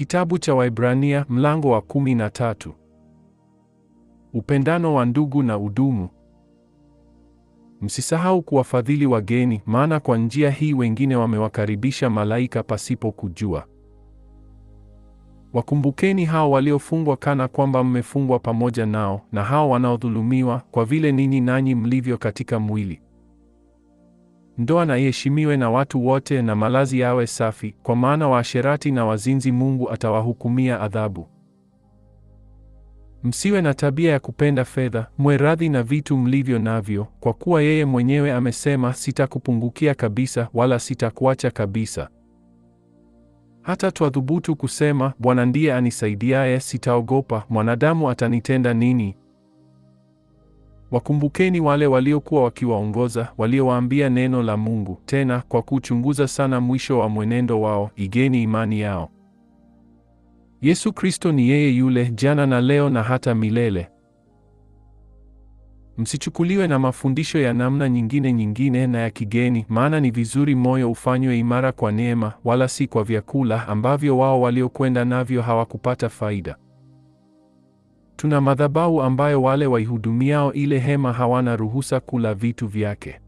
Kitabu cha Waibrania mlango wa kumi na tatu. Upendano wa ndugu na udumu. Msisahau kuwafadhili wageni, maana kwa njia hii wengine wamewakaribisha malaika pasipo kujua. Wakumbukeni hao waliofungwa kana kwamba mmefungwa pamoja nao, na hao wanaodhulumiwa, kwa vile ninyi nanyi mlivyo katika mwili. Ndoa na iheshimiwe na watu wote, na malazi yawe safi, kwa maana waasherati na wazinzi Mungu atawahukumia adhabu. Msiwe na tabia ya kupenda fedha, mwe radhi na vitu mlivyo navyo, kwa kuwa yeye mwenyewe amesema, sitakupungukia kabisa, wala sitakuacha kabisa. Hata twadhubutu kusema, Bwana ndiye anisaidiaye, sitaogopa, mwanadamu atanitenda nini? Wakumbukeni wale waliokuwa wakiwaongoza, waliowaambia neno la Mungu, tena kwa kuchunguza sana mwisho wa mwenendo wao, igeni imani yao. Yesu Kristo ni yeye yule jana na leo na hata milele. Msichukuliwe na mafundisho ya namna nyingine nyingine na ya kigeni, maana ni vizuri moyo ufanywe imara kwa neema, wala si kwa vyakula ambavyo wao waliokwenda navyo hawakupata faida. Tuna madhabahu ambayo wale waihudumiao ile hema hawana ruhusa kula vitu vyake.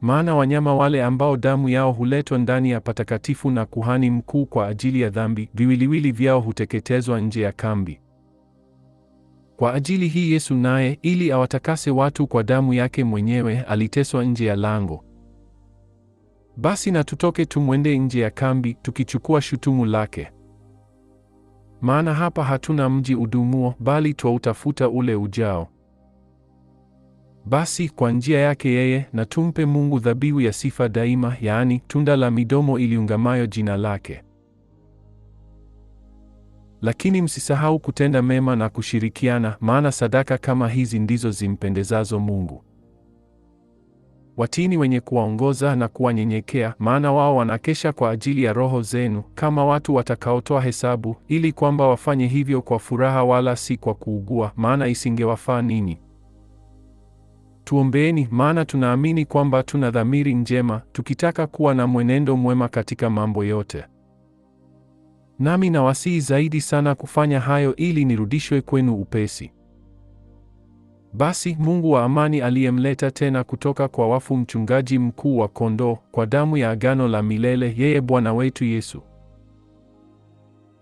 Maana wanyama wale ambao damu yao huletwa ndani ya patakatifu na kuhani mkuu kwa ajili ya dhambi, viwiliwili vyao huteketezwa nje ya kambi. Kwa ajili hii Yesu naye, ili awatakase watu kwa damu yake mwenyewe, aliteswa nje ya lango. Basi na tutoke tumwende nje ya kambi, tukichukua shutumu lake maana hapa hatuna mji udumuo, bali twautafuta ule ujao. Basi kwa njia yake yeye na tumpe Mungu dhabihu ya sifa daima, yaani tunda la midomo iliungamayo jina lake. Lakini msisahau kutenda mema na kushirikiana, maana sadaka kama hizi ndizo zimpendezazo Mungu watini wenye kuwaongoza na kuwanyenyekea, maana wao wanakesha kwa ajili ya roho zenu, kama watu watakaotoa hesabu, ili kwamba wafanye hivyo kwa furaha, wala si kwa kuugua, maana isingewafaa ninyi. Tuombeeni, maana tunaamini kwamba tuna dhamiri njema, tukitaka kuwa na mwenendo mwema katika mambo yote. Nami nawasihi zaidi sana kufanya hayo, ili nirudishwe kwenu upesi. Basi Mungu wa amani aliyemleta tena kutoka kwa wafu mchungaji mkuu wa kondoo kwa damu ya agano la milele, yeye Bwana wetu Yesu,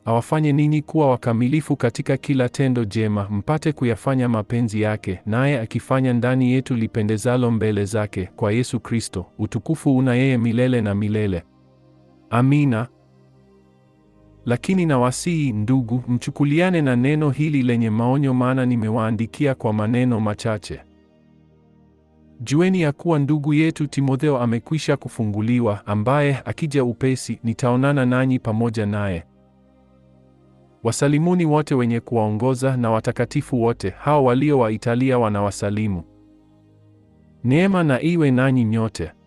awafanye ninyi kuwa wakamilifu katika kila tendo jema, mpate kuyafanya mapenzi yake, naye akifanya ndani yetu lipendezalo mbele zake, kwa Yesu Kristo, utukufu una yeye milele na milele. Amina. Lakini nawasihi ndugu, mchukuliane na neno hili lenye maonyo, maana nimewaandikia kwa maneno machache. Jueni ya kuwa ndugu yetu Timotheo amekwisha kufunguliwa, ambaye akija upesi nitaonana nanyi pamoja naye. Wasalimuni wote wenye kuwaongoza na watakatifu wote hao walio wa Italia wanawasalimu. Neema na iwe nanyi nyote.